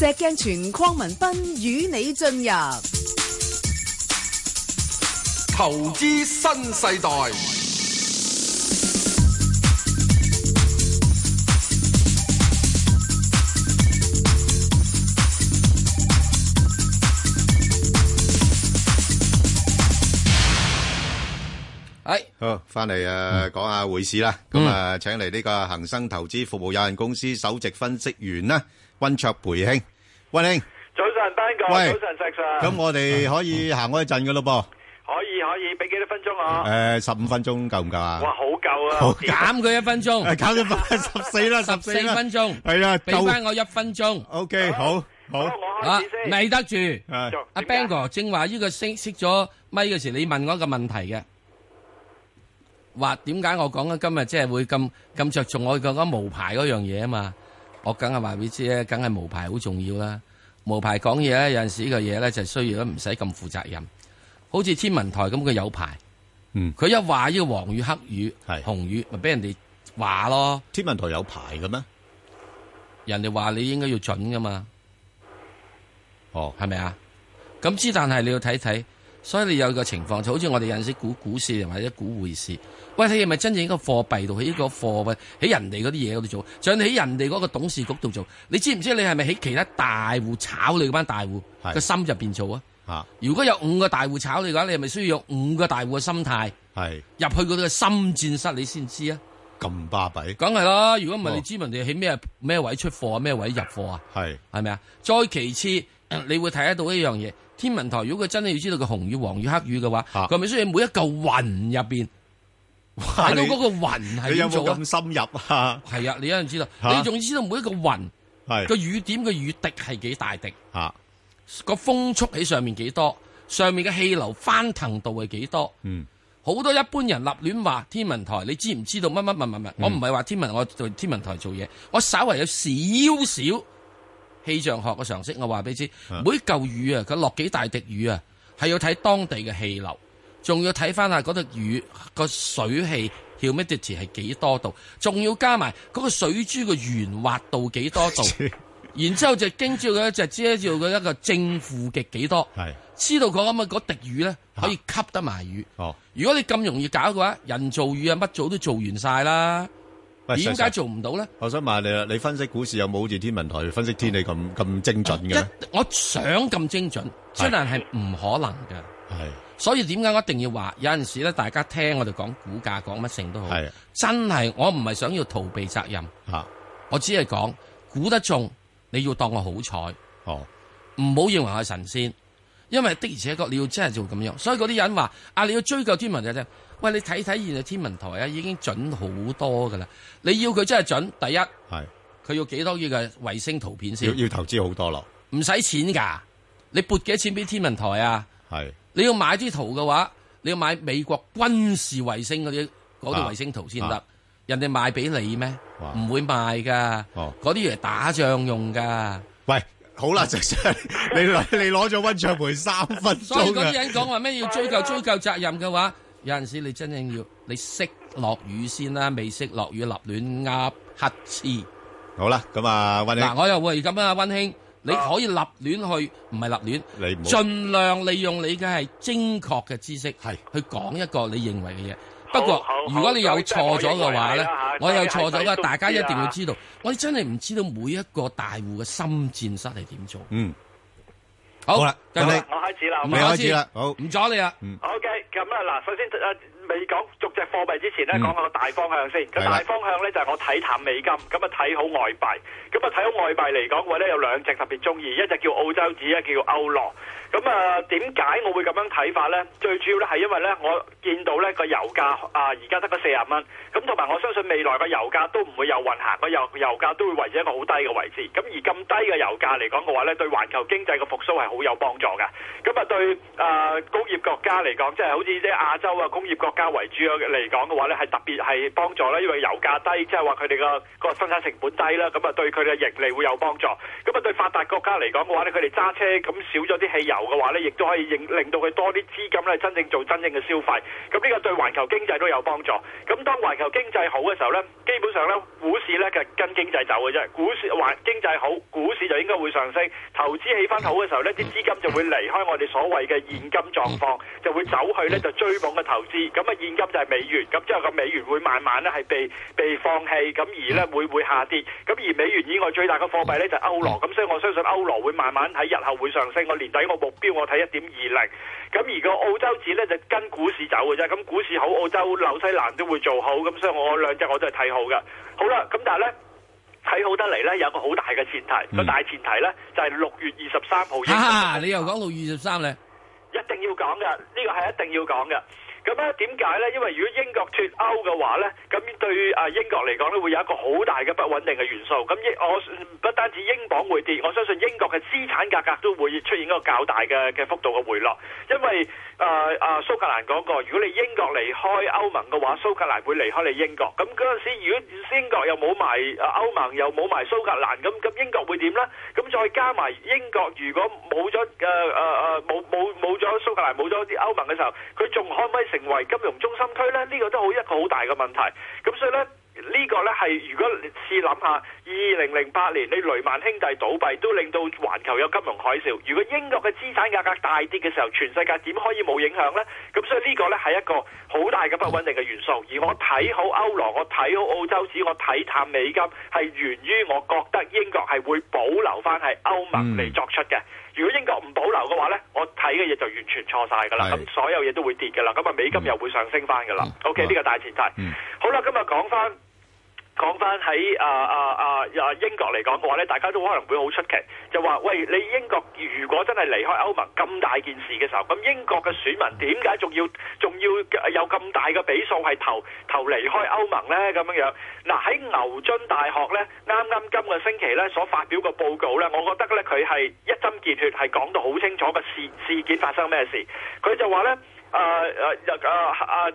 石鏡泉鄺文斌與你進入投資新世代。係好翻嚟，誒，講下匯市啦。咁、嗯、啊，請嚟呢個恒生投資服務有限公司首席分析員啦，溫灼培兄。威寧，早晨，Bang 哥，早晨，石 Sir。咁我哋可以行開一陣噶咯噃，可以，可以，俾幾多分鐘我？誒，十五分鐘夠唔夠啊？哇，好夠啊！減佢一分鐘，減到十四啦，十四分鐘，係啦，俾翻我一分鐘。OK，好，好，我開始先，未得住。阿 Bang 哥正話呢個熄熄咗咪嘅時，你問我一個問題嘅，話點解我講緊今日即係會咁咁着重我講咁無牌嗰樣嘢啊嘛？我梗係話俾你知咧，梗係無牌好重要啦。無牌講嘢咧，有陣時呢個嘢咧就需要唔使咁負責任。好似天文台咁，佢有牌，嗯，佢一話呢個黃雨、黑雨、紅雨，咪俾人哋話咯。天文台有牌嘅咩？人哋話你應該要準㗎嘛？哦，係咪啊？咁之但係你要睇睇。所以你有一個情況，就好似我哋認識股股市或者股匯市。喂，你係咪真正一個貨幣度喺呢個貨幣喺人哋嗰啲嘢度做，仲喺人哋嗰個董事局度做？你知唔知你係咪喺其他大戶炒你班大戶個心入邊做啊？啊！如果有五個大戶炒你嘅話，你係咪需要有五個大戶嘅心態？係入去嗰度嘅心戰室，你先知啊！咁巴閉，梗係啦！如果唔係，你知唔知人哋喺咩咩位出貨，咩位入貨啊？係係咪啊？再其次， 你會睇得到一樣嘢。天文台如果佢真係要知道個紅雨、黃雨、黑雨嘅話，佢、啊、咪需要每一嚿雲入邊睇到嗰個雲喺度？咁深入吓、啊，係啊！你一樣知道？你仲要知道每一個雲個雨點、嘅雨滴係幾大滴吓？個、啊、風速喺上面幾多？上面嘅氣流翻騰度係幾多？嗯，好多一般人立亂話天文台，你知唔知道乜乜乜乜乜？我唔係話天文，我做天文台做嘢，我稍為有少少，氣象學嘅常識，我話俾你知，每嚿雨啊，佢落幾大滴雨啊，係要睇當地嘅氣流，仲要睇翻下嗰隻雨個水汽 humidity 係幾多度，仲要加埋嗰個水珠嘅圓滑度幾多度， 然之後就經照佢一只，知道佢一個正負極幾多，係知道佢咁啊，嗰滴雨咧可以吸得埋雨，啊。哦，如果你咁容易搞嘅話，人造雨啊，乜做都做完晒啦。點解做唔到咧？我想問你，你分析股市有冇好似天文台分析天氣咁咁精準嘅？我想咁精準，雖然係唔可能嘅。係，所以點解我一定要話？有陣時咧，大家聽我哋講股價，講乜性都好。係，真係我唔係想要逃避責任吓，我只係講估得中，你要當我好彩哦。唔好認為我係神仙，因為的而且確你要真係就咁樣。所以嗰啲人話，啊，你要追究天文嘅啫。就是喂，你睇睇現在天文台啊，已經準好多噶啦！你要佢真係準，第一係佢要幾多億嘅衛星圖片先，要，要投資好多咯，唔使錢噶，你撥幾多錢俾天文台啊？係你要買啲圖嘅話，你要買美國軍事衛星嘅嘢，嗰啲衛星圖先得。啊，人哋賣俾你咩？唔會賣噶，嗰啲嘢打仗用噶。喂，好啦，直 你你攞咗溫灼培三分鐘，所以嗰啲人講話咩要追究追究責任嘅話？有陣時你真正要，你識落雨先啦，未識落雨立亂鴨黑痴。好啦，咁啊，溫兄。嗱，我又會咁啊，溫兄，你可以立亂去，唔係立亂，盡量利用你嘅係精確嘅知識，係去講一個你認為嘅嘢。不過如果你有錯咗嘅話咧，我有錯咗嘅話，大家一定要知道。我哋真係唔知道每一個大戶嘅心戰室係點做。嗯，好啦，我開始啦，咁你開始啦，好，唔阻你啦。好嘅。咁啊嗱，首先啊未講逐隻貨幣之前咧，講下、嗯、個大方向先。大方向咧就係、是、我睇淡美金，咁啊睇好外幣。咁啊睇好外幣嚟講嘅話咧，有兩隻特別中意，一隻叫澳洲紙，一隻叫歐羅。咁啊，點解我會咁樣睇法咧？最主要咧係因為咧，我見到咧個油價啊，而家得個四十蚊。咁同埋，我相信未來嘅油價都唔會有運行，個油油價都會維持一個好低嘅位置。咁而咁低嘅油價嚟講嘅話咧，對環球經濟嘅復蘇係好有幫助嘅。咁啊，對啊工業國家嚟講，即係。好似即係亞洲啊，工業國家為主嘅嚟講嘅話咧，係特別係幫助啦，因為油價低，即係話佢哋個個生產成本低啦，咁啊對佢哋嘅盈利會有幫助。咁啊對發達國家嚟講嘅話咧，佢哋揸車咁少咗啲汽油嘅話咧，亦都可以令到佢多啲資金咧真正做真正嘅消費，咁呢個對環球經濟都有幫助。咁當環球經濟好嘅時候咧，基本上咧股市咧其實跟經濟走嘅啫，股市環經濟好，股市就應該會上升。投資氣氛好嘅時候咧，啲資金就會離開我哋所謂嘅現金狀況就會走去。咧就 追捧嘅投資，咁啊現金就係美元，咁之後個美元會慢慢咧係被被放棄，咁而咧會會下跌，咁而美元以外最大嘅貨幣咧就係歐羅，咁所以我相信歐羅會慢慢喺日後會上升。我年底個目標我睇一點二零，咁而個澳洲紙咧就跟股市走嘅啫，咁股市好澳洲紐西蘭都會做好，咁所以我兩隻我都係睇好嘅。好啦，咁但係咧睇好得嚟咧有個好大嘅前提，個大前提咧就係六月二十三號。啊，你又講六月二十三咧？一定要講嘅，呢個，係一定要講嘅。咁咧點解咧？因為如果英國脫歐嘅話咧，咁對啊英國嚟講咧，會有一個好大嘅不穩定嘅元素。咁我不單止英鎊會跌，我相信英國嘅資產價格都會出現一個較大嘅嘅幅度嘅回落。因為啊啊、呃、蘇格蘭講過，如果你英國離開歐盟嘅話，蘇格蘭會離開你英國。咁嗰陣時，如果英國又冇埋啊歐盟又冇埋蘇格蘭，咁咁英國會點咧？咁再加埋英國，如果冇咗誒冇冇冇咗蘇格蘭冇咗啲歐盟嘅時候，佢仲可唔可以？成為金融中心區咧，呢個都好一個好大嘅問題。咁所以咧。呢、這個呢係如果試諗下，二零零八年你雷曼兄弟倒閉都令到環球有金融海嘯。如果英國嘅資產價格大跌嘅時候，全世界點可以冇影響呢？咁所以呢個呢係一個好大嘅不穩定嘅元素。而我睇好歐羅，我睇好澳洲紙，我睇淡美金，係源於我覺得英國係會保留翻係歐盟嚟作出嘅、嗯。如果英國唔保留嘅話呢，我睇嘅嘢就完全錯晒㗎啦。咁所有嘢都會跌㗎啦。咁啊，美金又會上升翻㗎啦。OK，呢個大前提、嗯。好啦，今日講翻。講翻喺啊啊啊啊英國嚟講嘅話咧，大家都可能會好出奇，就話，喂，你英國如果真係離開歐盟咁大件事嘅時候，咁英國嘅選民點解仲要仲要有咁大嘅比數係投投離開歐盟呢？咁樣樣嗱喺牛津大學咧，啱啱今個星期咧所發表個報告咧，我覺得咧佢係一針見血，係講到好清楚個事事件發生咩事，佢就話咧。誒誒誒誒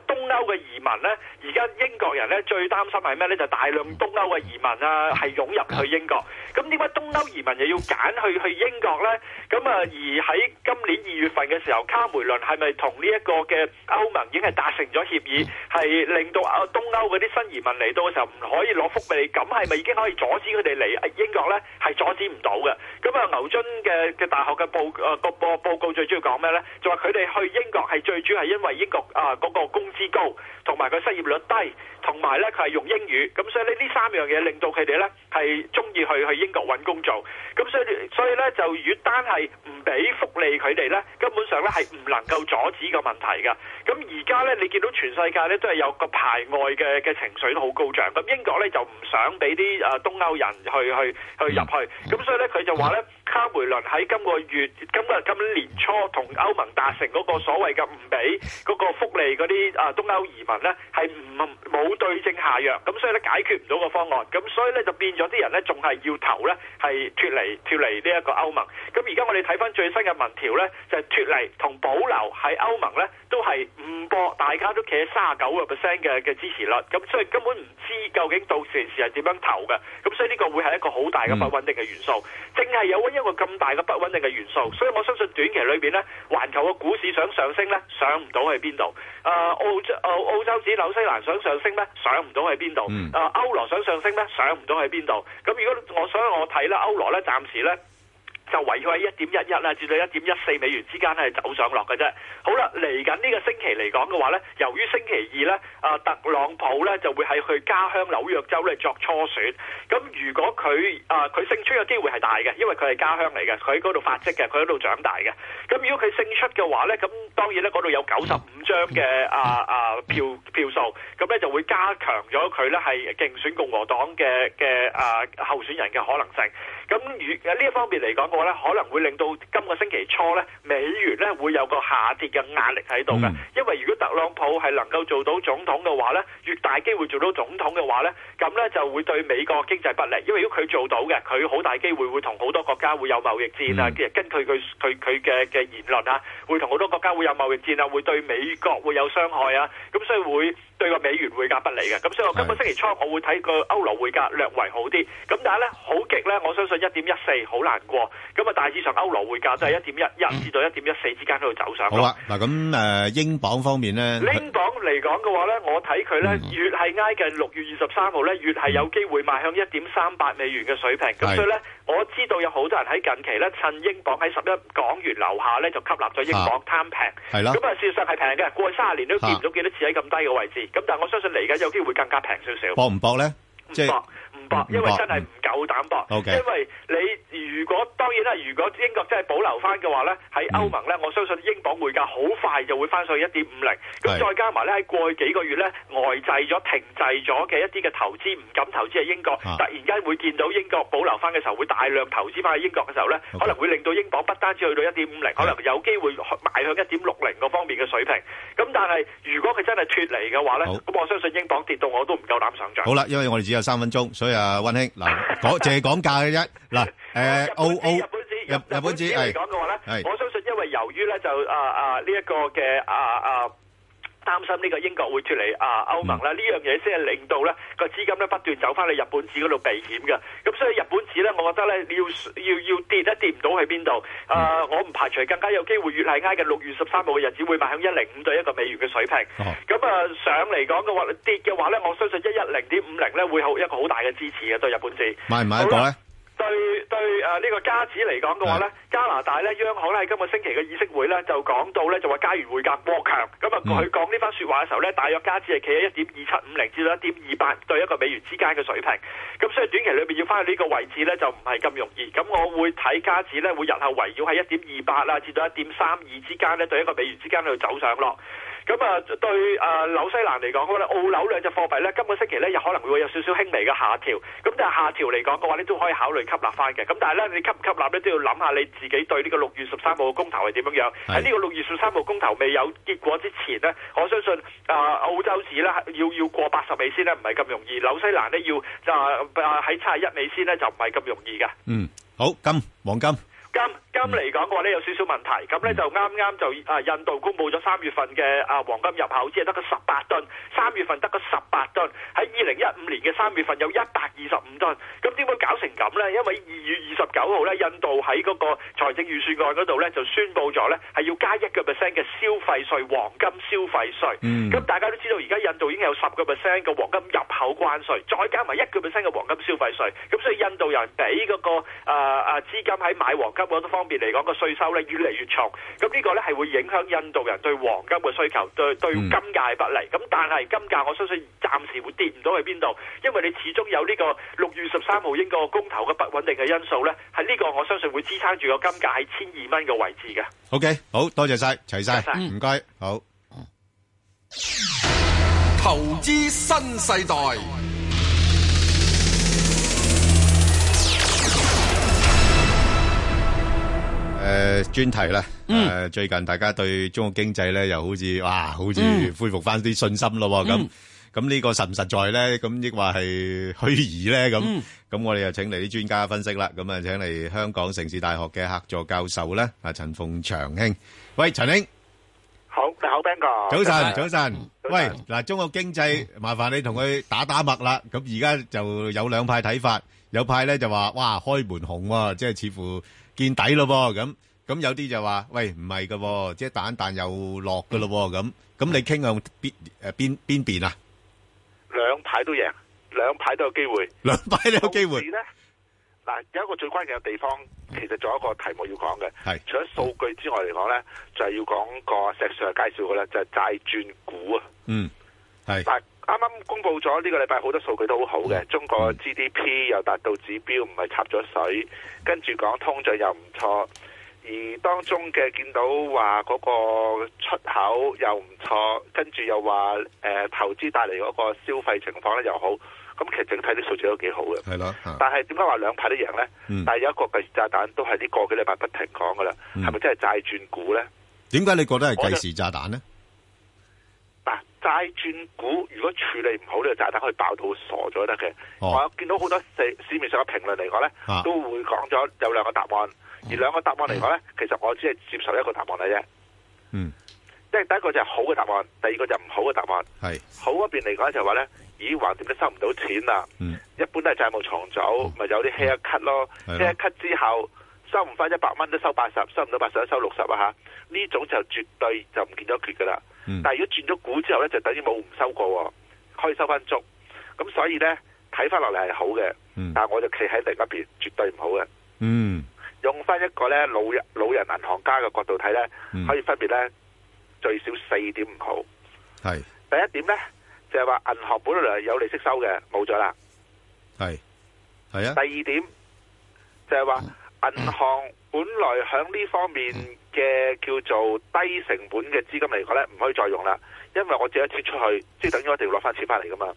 東歐嘅移民咧，而家英國人咧最擔心係咩咧？就大量東歐嘅移民啊，係湧入去英國。咁點解東歐移民又要揀去去英國咧？咁啊，而喺今年二月份嘅時候，卡梅倫係咪同呢一個嘅歐盟已經係達成咗協議，係令到啊東歐嗰啲新移民嚟到嘅時候唔可以攞福利，利？咁係咪已經可以阻止佢哋嚟英國咧？係阻止唔到嘅。咁、嗯、啊，牛津嘅嘅大學嘅報誒個、啊、報告最主要講咩咧？就話佢哋去英國係最。主要係因為英國啊嗰個工資高，同埋佢失業率低，同埋咧佢係用英語，咁所以呢，呢三樣嘢令到佢哋咧係中意去去英國揾工做，咁所以所以咧就如果單係唔俾福利佢哋咧，根本上咧係唔能夠阻止個問題嘅。咁而家咧你見到全世界咧都係有個排外嘅嘅情緒都好高漲，咁英國咧就唔想俾啲誒東歐人去去去入去，咁所以咧佢就話咧。卡梅倫喺今個月、今個、今年初同歐盟達成嗰個所謂嘅唔俾嗰個福利嗰啲啊東歐移民咧，係唔冇對症下藥，咁所以咧解決唔到個方案，咁所以咧就變咗啲人咧仲係要投咧，係脫離脫離呢一個歐盟。咁而家我哋睇翻最新嘅民調咧，就係脫離同保留喺歐盟咧都係唔博，大家都企喺三十九個 percent 嘅嘅支持率，咁所以根本唔知究竟到時時係點樣投嘅，咁所以呢個會係一個好大嘅不穩定嘅元素，淨係有。一個咁大嘅不穩定嘅元素，所以我相信短期裏邊咧，環球嘅股市想上升咧，上唔到去邊度。誒、呃，澳洲誒，澳洲指紐西蘭想上升咧，上唔到去邊度。誒、呃，歐羅想上升咧，上唔到去邊度。咁如果我想我睇咧，歐羅咧，暫時咧。就圍繞喺一點一一啦，至到一點一四美元之間係走上落嘅啫。好啦，嚟緊呢個星期嚟講嘅話呢，由於星期二呢，啊特朗普呢就會喺佢家鄉紐約州咧作初選。咁如果佢啊佢勝出嘅機會係大嘅，因為佢係家鄉嚟嘅，佢喺嗰度發跡嘅，佢喺度長大嘅。咁如果佢勝出嘅話呢，咁當然呢嗰度有九十五張嘅啊啊票票數，咁呢就會加強咗佢呢係競選共和黨嘅嘅啊候選人嘅可能性。咁越呢一方面嚟講嘅話呢，可能會令到今個星期初呢美元呢會有個下跌嘅壓力喺度嘅。因為如果特朗普係能夠做到總統嘅話呢越大機會做到總統嘅話呢，咁呢就會對美國經濟不利，因為如果佢做到嘅，佢好大機會會同好多國家會有貿易戰啊，根、嗯、據佢佢佢嘅嘅言論啊，會同好多國家會有貿易戰啊，會對美國會有傷害啊，咁所以會。對個美元匯價不利嘅，咁所以我今個星期初我會睇個歐羅匯價略為好啲，咁但係咧好極咧，我相信一點一四好難過，咁、嗯、啊，大致上歐羅匯價都係一點一，一至到一點一四之間喺度走上。好啦，嗱咁誒，英鎊方面咧，英鎊嚟講嘅話咧，我睇佢咧越係挨近六月二十三號咧，越係有機會邁向一點三八美元嘅水平。咁所以咧、嗯，我知道有好多人喺近期咧趁英鎊喺十一港元樓下咧就吸納咗英鎊貪平，係咁啊，事實上係平嘅，過去卅年都見唔到幾多次喺咁低嘅位置。咁但係我相信嚟緊有機會會更加平少少。搏唔搏咧？唔搏，唔搏，因為真係唔夠膽搏。因為你。Okay. 如果當然啦，如果英國真係保留翻嘅話呢喺歐盟呢、嗯，我相信英鎊匯價好快就會翻上去一點五零。咁再加埋呢，喺過去幾個月呢，外滯咗、停滯咗嘅一啲嘅投資，唔敢投資喺英國、啊，突然間會見到英國保留翻嘅時候，會大量投資翻喺英國嘅時候呢、okay, 可能會令到英鎊不單止去到一點五零，可能有機會邁向一點六零嗰方面嘅水平。咁但係如果佢真係脫離嘅話呢，咁我相信英鎊跌到我都唔夠膽想像。好啦，因為我哋只有三分鐘，所以啊，溫兄嗱，講淨講價嘅啫嗱， 日本紙、哦哦，日本紙嚟講嘅話呢，我相信因為由於咧就啊啊呢一個嘅啊啊擔心呢個英國會脫離啊歐盟啦，呢、嗯、樣嘢先係令到呢個資金咧不斷走翻去日本紙嗰度避險嘅，咁所以日本紙呢，我覺得你要要要跌得跌唔到去邊度，誒、嗯呃、我唔排除更加有機會越係挨嘅六月十三號嘅日子會邁向一零五對一個美元嘅水平，咁、哦、啊上嚟講嘅話跌嘅話呢，我相信一一零點五零呢會好一個好大嘅支持嘅，對日本紙，買唔買對對誒呢、呃這個加紙嚟講嘅話，加拿大呢央行喺今、這個星期嘅議息會呢，就講到呢，就話加元匯價過強，咁啊佢講呢番說話嘅時候呢，大約加紙係企喺一點二七五零至到一點二八對一個美元之間嘅水平，咁所以短期裏面要翻去呢個位置呢，就唔係咁容易，咁我會睇加紙呢會日後圍繞喺一點二八至到一點三二之間呢對一個美元之間去走上落。咁啊，對誒、呃、紐西蘭嚟講，咁咧澳紐兩隻貨幣咧，今個星期咧又可能會有少少輕微嘅下調。咁但係下調嚟講嘅話，你都可以考慮吸納翻嘅。咁但係咧，你吸唔吸納咧，都要諗下你自己對呢個六月十三號嘅公投係點樣。喺呢個六月十三號公投未有結果之前咧，我相信誒、呃、澳洲紙咧要要過八十美仙咧，唔係咁容易。紐西蘭咧要就喺七十一美仙咧，就唔係咁容易嘅。嗯，好金黃金金。金嚟講嘅話咧有少少問題，咁呢，就啱啱就啊印度公佈咗三月份嘅啊黃金入口只係得個十八噸，三月份得個十八噸，喺二零一五年嘅三月份有一百二十五噸，咁點會搞成咁呢？因為二月二十九號呢，印度喺嗰個財政預算案嗰度呢，就宣佈咗呢，係要加一個 percent 嘅消費稅，黃金消費稅。咁、嗯、大家都知道而家印度已經有十個 percent 嘅黃金入口關稅，再加埋一個 percent 嘅黃金消費稅，咁所以印度人俾嗰、嗰個啊啊資金喺買黃金方面嚟講個稅收咧越嚟越重，咁呢個咧係會影響印度人對黃金嘅需求，對對金價係不利。咁但係金價我相信暫時會跌唔到去邊度，因為你始終有呢個六月十三號英國公投嘅不穩定嘅因素咧，係呢個我相信會支撐住個金價喺千二蚊嘅位置嘅。O、okay, K，好多謝晒，齊晒，唔該、嗯，好。投資新世代。誒，專題啦，誒，最近大家對中國經濟咧，又好似哇，好似恢復翻啲信心咯，咁咁呢個實唔實在咧？咁亦話係虛擬咧？咁咁我哋又請嚟啲專家分析啦。咁啊，請嚟香港城市大學嘅客座教授咧，阿陳鳳翔兄。喂，陳兄，好你好邊個？早晨，早晨。喂，嗱，中國經濟麻煩你同佢打打脈啦。咁而家就有兩派睇法，有派咧就話哇，開門紅喎，即係似乎。見底咯噃，咁咁有啲就話喂唔係喎，即係彈彈又落噶咯，咁咁你傾向邊誒邊邊邊啊？兩派都贏，兩派都有機會，兩派都有機會嗱，有一個最關鍵嘅地方，其實仲有一個題目要講嘅，係除咗數據之外嚟講咧，就係要講個石上介紹嘅咧，就係債轉股啊。嗯，係。啱啱公布咗呢個禮拜好多數據都好好嘅，中國 GDP 又達到指標，唔係插咗水，跟住講通脹又唔錯，而當中嘅見到話嗰個出口又唔錯，跟住又話誒、呃、投資帶嚟嗰個消費情況咧又好，咁其實整體啲數據都幾好嘅。係咯，但係點解話兩派都贏呢、嗯、但係有一個計時炸彈都係呢個幾禮拜不停講噶啦，係、嗯、咪真係債轉股咧？點解你覺得係計時炸彈呢？債轉股如果處理唔好咧，炸彈可以爆到傻咗得嘅。我見到好多市市面上嘅評論嚟講咧，都會講咗有兩個答案，哦、而兩個答案嚟講咧，其實我只係接受一個答案嚟啫。嗯，即係第一個就係好嘅答案，第二個就唔好嘅答案。係好嗰邊嚟講就話、是、咧，咦，橫掂都收唔到錢啊、嗯！一般都係債務重組，咪、哦、有啲 hair cut 咯，hair cut 之後收唔翻一百蚊都收八十，收唔到八十都收六十啊！吓，呢種就絕對就唔見咗缺噶啦。嗯、但係如果轉咗股之後咧，就等於冇唔收過，可以收翻足。咁所以咧，睇翻落嚟係好嘅、嗯。但係我就企喺另一邊，絕對唔好嘅。嗯，用翻一個咧老老人銀行家嘅角度睇咧、嗯，可以分別咧最少四點唔好。係第一點咧，就係話銀行本來有利息收嘅，冇咗啦。係係啊。第二點就係話銀行本來響呢方面。嘅叫做低成本嘅資金嚟講咧，唔可以再用啦，因為我借咗錢出去，即係等於我一定要攞返錢返嚟㗎嘛。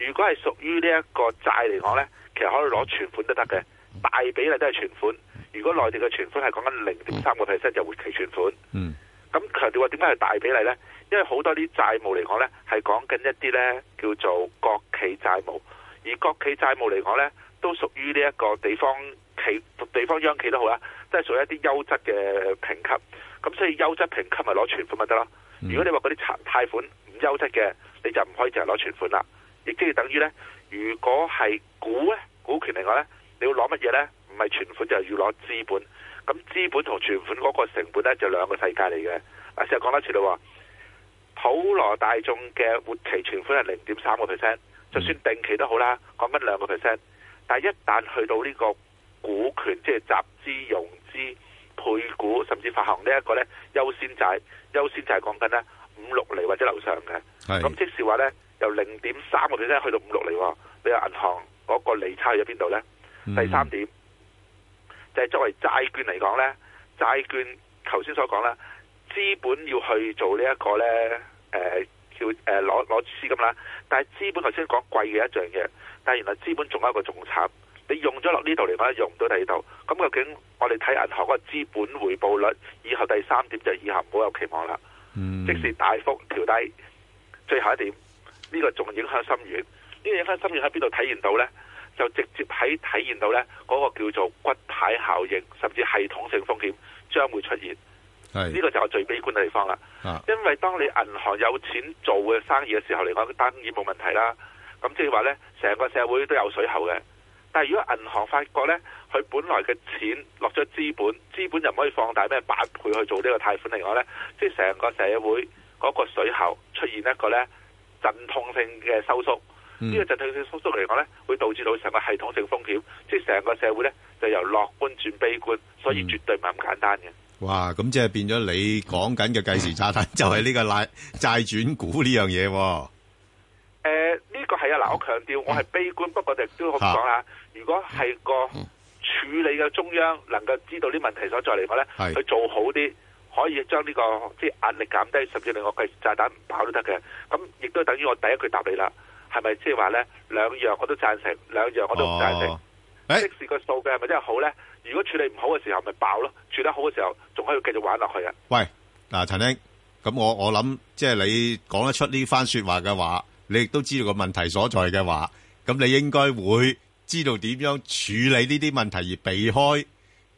如果係屬於呢一個債嚟講咧，其實可以攞存款都得嘅，大比例都係存款。如果內地嘅存款係講緊零點三個 percent 就活期存款。嗯，咁強調話點解係大比例咧？因為好多啲債務嚟講咧，係講緊一啲咧叫做國企債務，而國企債務嚟講咧，都屬於呢一個地方企地方央企都好啦、啊。即係屬於一啲優質嘅評級，咁所以優質評級咪攞存款咪得咯。如果你話嗰啲殘貸款唔優質嘅，你就唔可以淨係攞存款啦。亦即係等於呢，如果係股咧，股權嚟講呢，你要攞乜嘢呢？唔係存款就係要攞資本。咁資本同存款嗰個成本呢，就兩個世界嚟嘅。成日講多次你話，普羅大眾嘅活期存款係零點三個 percent，就算定期都好啦，講緊兩個 percent。但係一旦去到呢個，股權即係集資、融資、配股，甚至發行呢一個咧優先債，優先債講緊呢五六厘或者樓上嘅。咁即是話呢由零點三個厘呢去到五六厘，你銀嗰個銀行嗰個利差去咗邊度呢？嗯、第三點就係、是、作為債券嚟講呢，債券頭先所講呢，資本要去做呢一個呢，誒叫誒攞攞資金啦。但係資本頭先講貴嘅一樣嘢，但係原來資本仲有一個仲慘。你用咗落呢度嚟講，用唔到第二度。咁究竟我哋睇銀行個資本回報率？以後第三點就以後唔好有期望啦、嗯。即使大幅調低，最後一點呢、這個仲影響深遠。呢、這個影響深遠喺邊度體現到呢？就直接喺體現到呢嗰個叫做骨牌效應，甚至系統性風險將會出現。呢、這個就係我最悲觀嘅地方啦、啊。因為當你銀行有錢做嘅生意嘅時候嚟講，當然冇問題啦。咁即係話呢成個社會都有水喉嘅。但係如果銀行發覺咧，佢本來嘅錢落咗資本，資本就唔可以放大咩八倍去做個呢個貸款嚟講咧，即係成個社會嗰個水喉出現一個咧陣痛性嘅收縮，呢、這個陣痛性收縮嚟講咧，會導致到成個系統性風險，即係成個社會咧就由樂觀轉悲觀，所以絕對唔係咁簡單嘅、嗯。哇！咁即係變咗你講緊嘅計時炸彈，嗯、就係、是、呢、這個拉債轉股呢樣嘢喎。呃個係啊，嗱，我強調我係悲觀、嗯，不過我亦都咁講下，如果係個處理嘅中央能夠知道啲問題所在嚟嘅咧，佢做好啲，可以將呢、這個即係壓力減低，甚至令我嘅炸彈唔爆都得嘅。咁亦都等於我第一句答你啦，係咪即係話咧兩樣我都贊成，兩樣我都唔贊成。哦欸、即時個數據係咪真係好咧？如果處理唔好嘅時候，咪爆咯；處理好嘅時候，仲可以繼續玩落去啊。喂，嗱、呃，陳兄，咁我我諗即係你講得出呢番說話嘅話。你亦都知道個問題所在嘅話，咁你應該會知道點樣處理呢啲問題而避開，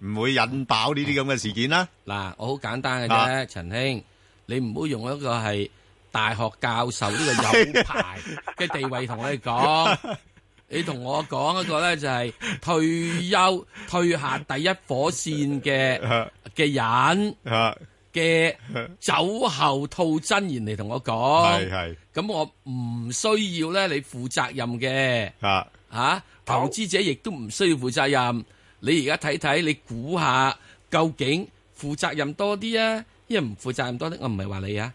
唔會引爆呢啲咁嘅事件啦。嗱、啊，我好簡單嘅啫、啊，陳兄，你唔好用一個係大學教授呢個有牌嘅地位同我哋講， 你同我講一個咧就係退休退下第一火線嘅嘅、啊、人。啊嘅酒後吐真言嚟同我講，係係，咁我唔需要咧你負責任嘅，吓 吓、啊，投資者亦都唔需要負責任。你而家睇睇，你估下究竟負責任多啲啊？因為唔負責任多啲，我唔係話你啊。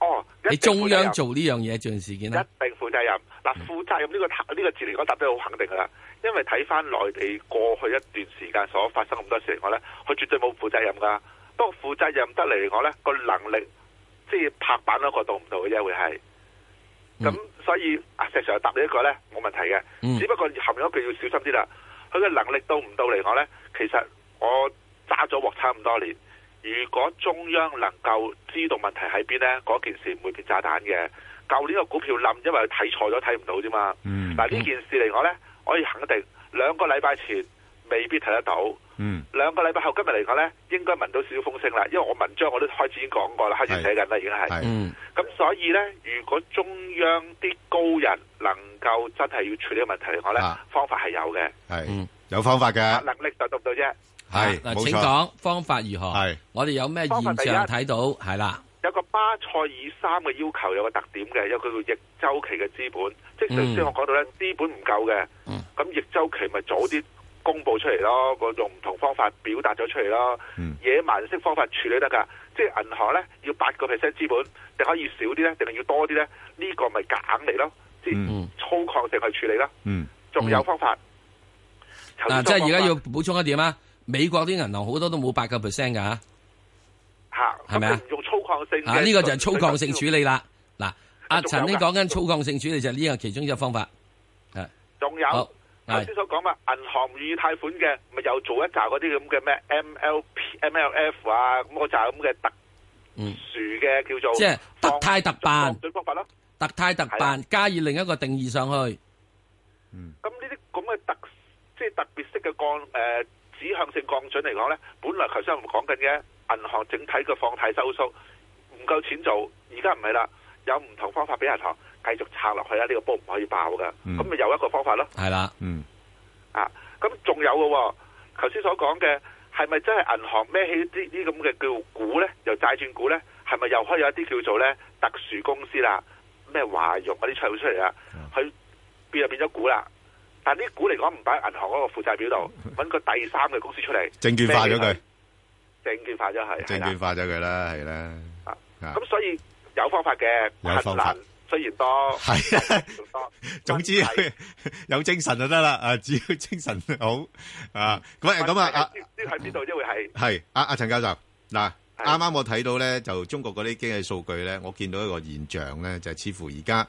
哦，你中央做呢樣嘢，呢件事，事件咧、啊，一定負責任。嗱、嗯，負責任呢、這個呢、這個字嚟講，答得好肯定噶啦。因為睇翻內地過去一段時間所發生咁多事嚟講咧，佢絕對冇負責任噶。都負責任得嚟我呢個能力，即係拍板嗰個到唔到嘅啫，會係咁，所以阿石常答你，這，一個咧，冇問題嘅，嗯，只不過後面嗰句要小心啲啦。佢嘅能力到唔到嚟我呢其實我揸咗鑊差咁多年，如果中央能夠知道問題喺邊呢，嗰件事唔會變炸彈嘅。舊年個股票冧，因為佢睇錯咗睇唔到啫嘛。嗱，嗯，呢，嗯、件事嚟我呢可以肯定兩個禮拜前。未必睇得到。嗯，兩個禮拜後今日嚟講咧，應該聞到少少風聲啦。因為我文章我都開始已經講過啦，開始寫緊啦，已經係。嗯。咁所以咧，如果中央啲高人能夠真係要處理個問題嚟講咧，方法係有嘅。係。嗯。有方法㗎。能力就達唔到啫。係。嗱，請講方法如何？係。我哋有咩意見睇到？係啦。有個巴塞爾三嘅要求有個特點嘅，有佢個逆週期嘅資本，即係頭先我講到咧，資本唔夠嘅。嗯。咁逆週期咪早啲。公布出嚟咯，用唔同方法表達咗出嚟咯，嗯，野蠻式方法處理得噶即係銀行咧要八個 percent 資本，定可以少啲咧，定係要多啲咧？呢，這個咪減嚟咯，即係粗獷性去處理啦。仲，嗯嗯，有方法嗱，嗯，即係而家要補充一點啊，美國啲銀行好多都冇八個 percent 噶吓，係咪啊？用粗獷性吓，呢，啊，這個就係粗獷性處理啦。嗱，陳生講緊粗獷性處理就係呢個其中一個方法，仲有。頭先所講嘛，銀行唔願意貸款嘅，咪又做一紮嗰啲咁嘅咩 MLP、MLF 啊，咁一紮咁嘅特殊嘅叫做、嗯、即係特貸特辦放準方法咯，特貸特辦、啊，加以另一個定義上去。嗯，咁呢啲咁嘅特即係、就是、特別式嘅降誒、呃、指向性降準嚟講咧，本來頭先我哋講緊嘅銀行整體嘅放貸收縮唔夠錢做，而家唔係啦，有唔同方法俾銀行。繼續撐落去啦，呢、這個波唔可以爆噶。咁、嗯、咪有一個方法咯，係啦。嗯，啊，咁仲有嘅，頭先所講嘅係咪真係銀行孭起啲啲咁嘅叫股咧？又債轉股咧，係咪又可以有一啲叫做咧特殊公司啦？咩華融嗰啲出嚟啊？佢、嗯、變就變咗股啦，但係呢股嚟講唔擺喺銀行嗰個負債表度，搵個第三嘅公司出嚟，證券化咗佢，證券化咗係，證券化咗佢啦，係啦。咁、啊、所以有方法嘅，有雖然多係啊，多總之有精神就得啦。啊，只要精神好啊，咁啊，咁啊，啊，呢啲係唔到，呢會係係啊啊，陳教授嗱，啱啱我睇到咧，就中國嗰啲經濟數據咧，我見到一個現象咧，就係似乎而家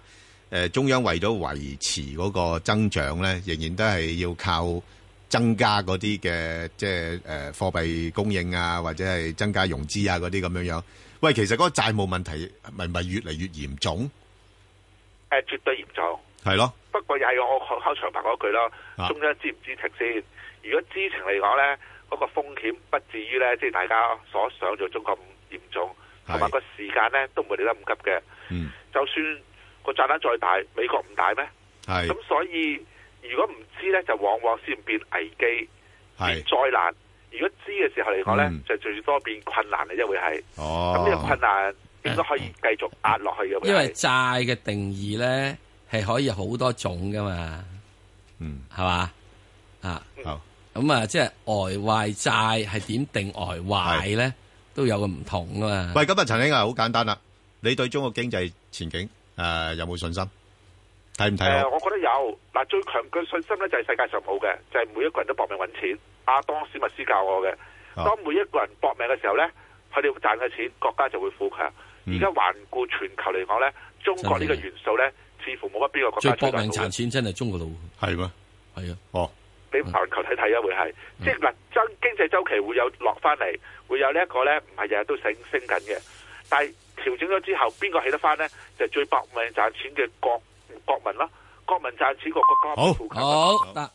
誒，中央為咗維持嗰個增長咧，仍然都係要靠增加嗰啲嘅即係誒貨幣供應啊，或者係增加融資啊嗰啲咁樣樣。喂，其實嗰個債務問題，係咪越嚟越嚴重？誒，絕對嚴重，係咯。不過又係我口敲長白嗰句咯，啊，中央知唔知情先？如果知情嚟講呢，嗰，那個風險不至於呢，即、就、係、是、大家所想象中咁嚴重，同埋個時間呢都唔會嚟得咁急嘅，嗯。就算個責任再大，美國唔大咩？咁所以如果唔知呢，就往往先變危機，變災難。如果知嘅時候嚟講呢，嗯，就最多變困難嘅，因為係。哦。咁呢個困難。應都可以繼續壓落去嘅，因為債嘅定義咧係可以好多種噶嘛，嗯，係嘛啊，好，咁啊，即係外壞債係點定外壞咧，都有個唔同噶嘛。喂，今日陳兄啊，好簡單啦、啊，你對中國經濟前景誒、呃、有冇信心？睇唔睇啊？我覺得有，嗱，最強嘅信心咧就係世界上冇嘅，就係、是、每一個人都搏命搵錢。阿當史密斯教我嘅，當每一個人都搏命嘅時候咧，佢哋賺嘅錢，國家就會富強。而家環顧全球嚟講呢，中國呢個元素呢，似乎冇乜邊個國家出嚟好。最搏命賺錢真係中國佬，係咩？係啊，哦，俾全球睇睇一會係、嗯，即係嗱，將經濟周期會有落返嚟，會有呢一個呢，唔係日日都升升緊嘅。但係調整咗之後，邊個起得返呢？就係、是、最搏命賺錢嘅國國民啦，國民賺錢個國家。好，好，嗱。